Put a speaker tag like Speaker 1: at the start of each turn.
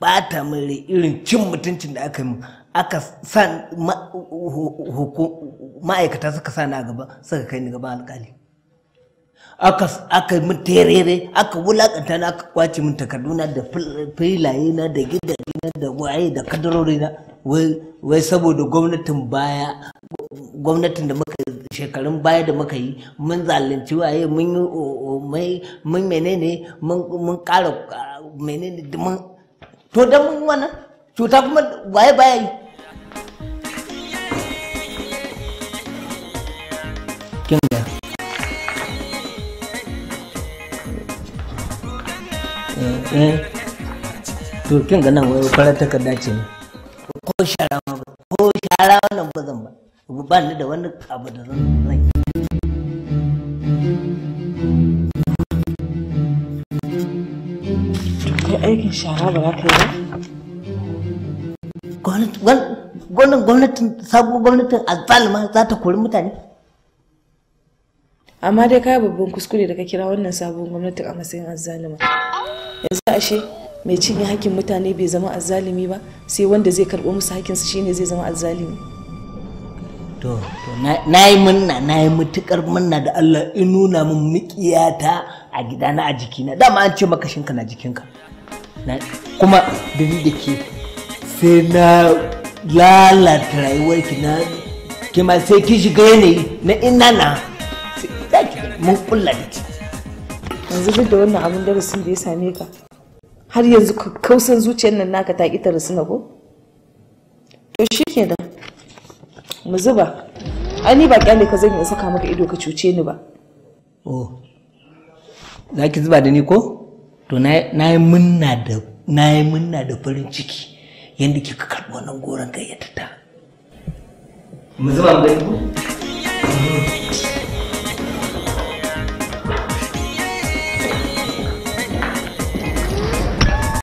Speaker 1: bata min irin cin mutuncin da aka yi aka sa ma'aikata suka sa na gaba suka kai ni gaba alkali aka yi min terere aka wulakanta na aka kwace min takarduna da filaye na da gidaje na da waye da kadarori na wai saboda gwamnatin baya gwamnatin da muka shekarun baya da muka yi mun zalunci waye mun yi mun menene mun kara menene mun to dan wannan cuta kuma waye baya yi kin eh, eh to kin ga nan wai farar takarda ce ne ko shara ko shara wannan bazan ba ba ni da wani abu da zan zan
Speaker 2: aikin shara ba za ka yi ba? Gwamnatin sabuwar gwamnatin azalima za ta kori mutane? Amma dai ka babban kuskure da ka kira wannan sabuwar gwamnatin a matsayin azalima. Yanzu ashe mai cinye hakkin mutane bai zama azalimi ba sai wanda zai karɓo musu hakkinsu shine zai zama azalimi.
Speaker 1: To, na yi munna, na yi mutukar munna da Allah in nuna min mikiyata a gidana a jikina. Dama an ce makashinka na jikinka. kuma da ni da ke sai na lalata rayuwarki na ke ma sai ki shiga yanayi na ina na
Speaker 2: mun kulla da ki yanzu duk da wannan abin darasin da ya same ka har yanzu kausan zuciyar nan naka ta kitar ta na ko to shi ke da. mu zuba A ni ba kyale ka zan yi saka maka ido ka cuce ni ba
Speaker 1: oh za ki zuba da ni ko to na yi munna da na yi munna da farin ciki yadda kika karɓi wannan goron gayyata ta mu zuba mu gani ko